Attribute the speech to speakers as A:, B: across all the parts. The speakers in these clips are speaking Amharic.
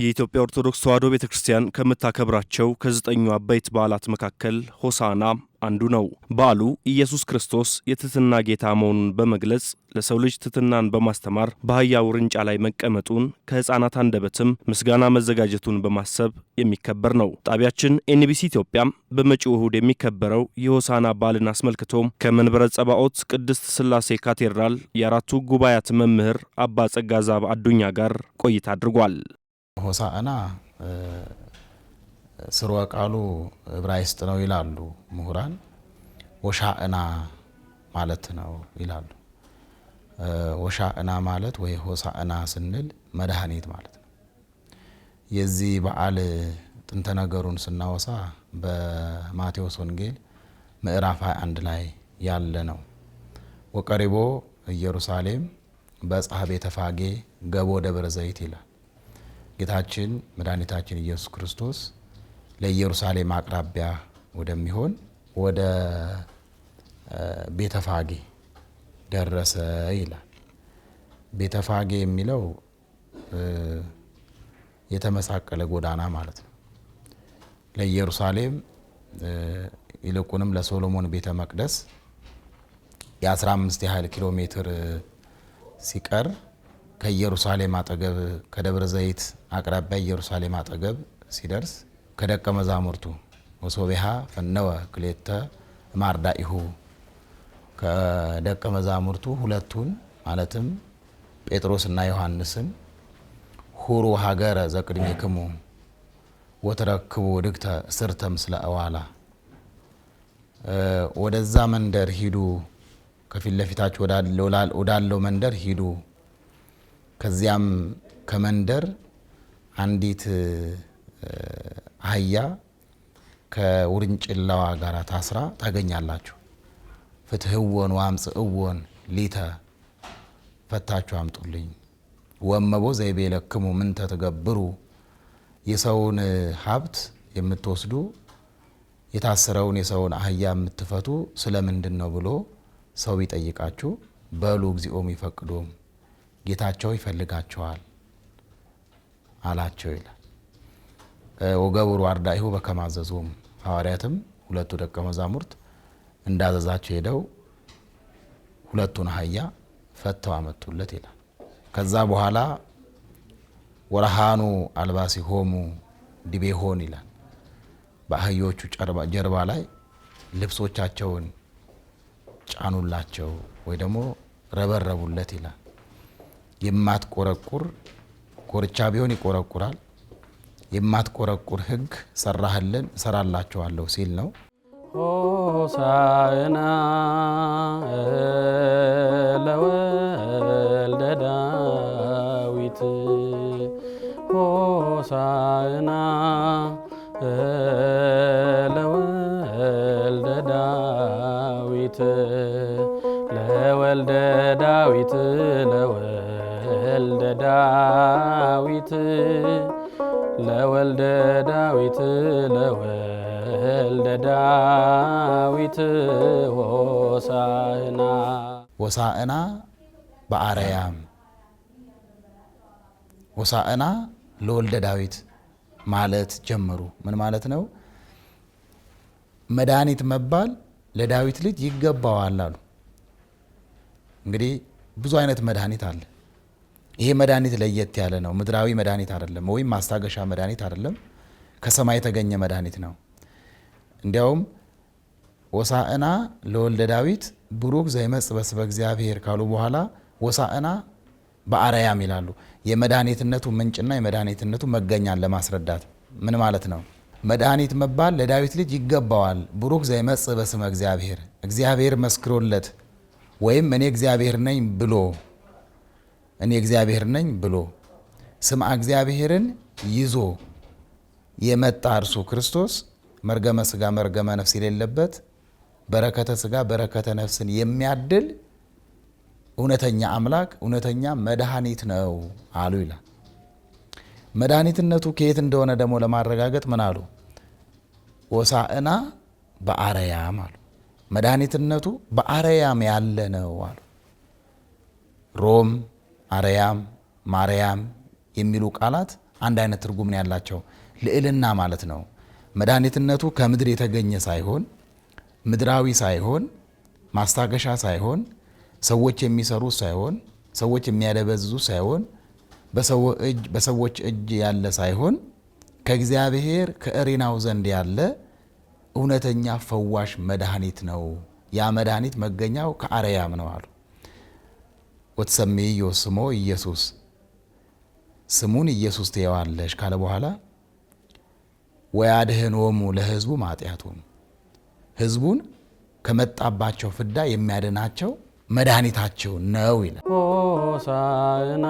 A: የኢትዮጵያ ኦርቶዶክስ ተዋሕዶ ቤተ ክርስቲያን ከምታከብራቸው ከዘጠኙ አበይት በዓላት መካከል ሆሳና አንዱ ነው። በዓሉ ኢየሱስ ክርስቶስ የትሕትና ጌታ መሆኑን በመግለጽ ለሰው ልጅ ትሕትናን በማስተማር በአህያ ውርንጫ ላይ መቀመጡን ከሕፃናት አንደበትም ምስጋና መዘጋጀቱን በማሰብ የሚከበር ነው። ጣቢያችን ኤንቢሲ ኢትዮጵያም በመጪው እሁድ የሚከበረው የሆሳና በዓልን አስመልክቶ ከመንበረ ጸባኦት ቅድስት ሥላሴ ካቴድራል የአራቱ ጉባኤያት መምህር አባ ጸጋዛብ አዱኛ ጋር ቆይታ አድርጓል።
B: ሆሳዕና ስርወ ቃሉ ዕብራይስጥ ነው ይላሉ ምሁራን። ወሻእና ማለት ነው ይላሉ። ወሻእና ማለት ወይ ሆሳእና ስንል መድኃኒት ማለት ነው። የዚህ በዓል ጥንተ ነገሩን ስናወሳ በማቴዎስ ወንጌል ምዕራፍ 21 ላይ ያለ ነው። ወቀሪቦ ኢየሩሳሌም በጽሐ ቤተፋጌ ገቦ ደብረ ዘይት ይላል ጌታችን መድኃኒታችን ኢየሱስ ክርስቶስ ለኢየሩሳሌም አቅራቢያ ወደሚሆን ወደ ቤተፋጌ ደረሰ ይላል። ቤተፋጌ የሚለው የተመሳቀለ ጎዳና ማለት ነው። ለኢየሩሳሌም ይልቁንም ለሶሎሞን ቤተ መቅደስ የ15 ያህል ኪሎ ሜትር ሲቀር ከኢየሩሳሌም አጠገብ ከደብረ ዘይት አቅራቢያ ኢየሩሳሌም አጠገብ ሲደርስ ከደቀ መዛሙርቱ ወሶቤሃ ፈነወ ክሌተ ማርዳኢሁ ከደቀ መዛሙርቱ ሁለቱን ማለትም ጴጥሮስና ዮሐንስን ሁሩ ሀገረ ክሙ ወተረክቡ ድግተ ስርተ ምስለ እዋላ ወደዛ መንደር ሂዱ፣ ከፊት ለፊታችሁ ወዳለው መንደር ሂዱ ከዚያም ከመንደር አንዲት አህያ ከውርንጭላዋ ጋር ታስራ ታገኛላችሁ። ዋምፅ እወን ሊተ ፈታችሁ አምጡልኝ። ወመቦ ዘይቤ ለክሙ ምን ትገብሩ፣ የሰውን ሀብት የምትወስዱ የታሰረውን የሰውን አህያ የምትፈቱ ስለምንድን ነው ብሎ ሰው ቢጠይቃችሁ፣ በሉ እግዚኦም ይፈቅዶም ጌታቸው ይፈልጋቸዋል አላቸው ይላል። ወገብሩ ይሁ በከማዘዙም ሐዋርያትም ሁለቱ ደቀ መዛሙርት እንዳዘዛቸው ሄደው ሁለቱን አህያ ፈተው አመጡለት ይላል። ከዛ በኋላ ወረሃኑ አልባሲሆሙ ዲቤሆን ይላል። በአህዮቹ ጀርባ ላይ ልብሶቻቸውን ጫኑላቸው ወይ ደግሞ ረበረቡለት ይላል። የማትቆረቁር ኮርቻ ቢሆን ይቆረቁራል። የማትቆረቁር ህግ ሰራህልን እሰራላችኋለሁ ሲል ነው።
C: ሆሳዕና ለወልደ ዳዊት ሆሳዕና ለወልደ ዳዊት ለወልደ ዳዊት ለወልደ ዳዊት ለወልደ ዳዊት ለወልደ ዳዊት ሆሳዕና
B: ሆሳዕና በአርያም ሆሳዕና ለወልደ ዳዊት ማለት ጀመሩ። ምን ማለት ነው? መድኃኒት መባል ለዳዊት ልጅ ይገባዋል አሉ። እንግዲህ ብዙ አይነት መድኃኒት አለ። ይሄ መድኃኒት ለየት ያለ ነው። ምድራዊ መድኃኒት አይደለም፣ ወይም ማስታገሻ መድኃኒት አይደለም። ከሰማይ የተገኘ መድኃኒት ነው። እንዲያውም ወሳእና ለወልደ ዳዊት ብሩክ ዘይመፅ በስመ እግዚአብሔር ካሉ በኋላ ወሳእና በአረያም ይላሉ። የመድኃኒትነቱ ምንጭና የመድኃኒትነቱ መገኛን ለማስረዳት ምን ማለት ነው? መድኃኒት መባል ለዳዊት ልጅ ይገባዋል። ብሩክ ዘይመጽ በስመ እግዚአብሔር፣ እግዚአብሔር መስክሮለት ወይም እኔ እግዚአብሔር ነኝ ብሎ እኔ እግዚአብሔር ነኝ ብሎ ስማ እግዚአብሔርን ይዞ የመጣ እርሱ ክርስቶስ መርገመ ስጋ መርገመ ነፍስ የሌለበት በረከተ ስጋ በረከተ ነፍስን የሚያድል እውነተኛ አምላክ እውነተኛ መድኃኒት ነው አሉ ይላል። መድኃኒትነቱ ከየት እንደሆነ ደግሞ ለማረጋገጥ ምን አሉ? ወሳእና በአረያም አሉ። መድኃኒትነቱ በአረያም ያለ ነው አሉ ሮም አርያም ማርያም የሚሉ ቃላት አንድ አይነት ትርጉም ነው ያላቸው። ልዕልና ማለት ነው። መድኃኒትነቱ ከምድር የተገኘ ሳይሆን ምድራዊ ሳይሆን ማስታገሻ ሳይሆን ሰዎች የሚሰሩ ሳይሆን ሰዎች የሚያደበዝዙ ሳይሆን በሰዎች እጅ ያለ ሳይሆን ከእግዚአብሔር ከእሪናው ዘንድ ያለ እውነተኛ ፈዋሽ መድኃኒት ነው። ያ መድኃኒት መገኛው ከአርያም ነው አሉ። ወትሰምይዮ ስሞ ኢየሱስ ስሙን ኢየሱስ ትየዋለሽ ካለ በኋላ ወያድኅኖሙ ለሕዝቡ ማጢአቱም ህዝቡን ከመጣባቸው ፍዳ የሚያድናቸው መድኃኒታቸው ነው ይላል። ሆሳዕና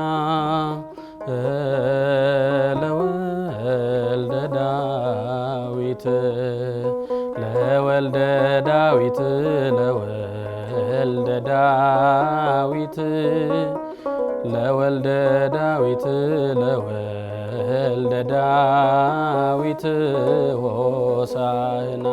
B: ለወልደ ዳዊት ለወልደ ዳዊት ለወልደ ለወልደ ዳዊት ለወልደ ዳዊት ለወልደ ዳዊት ሆሳዕና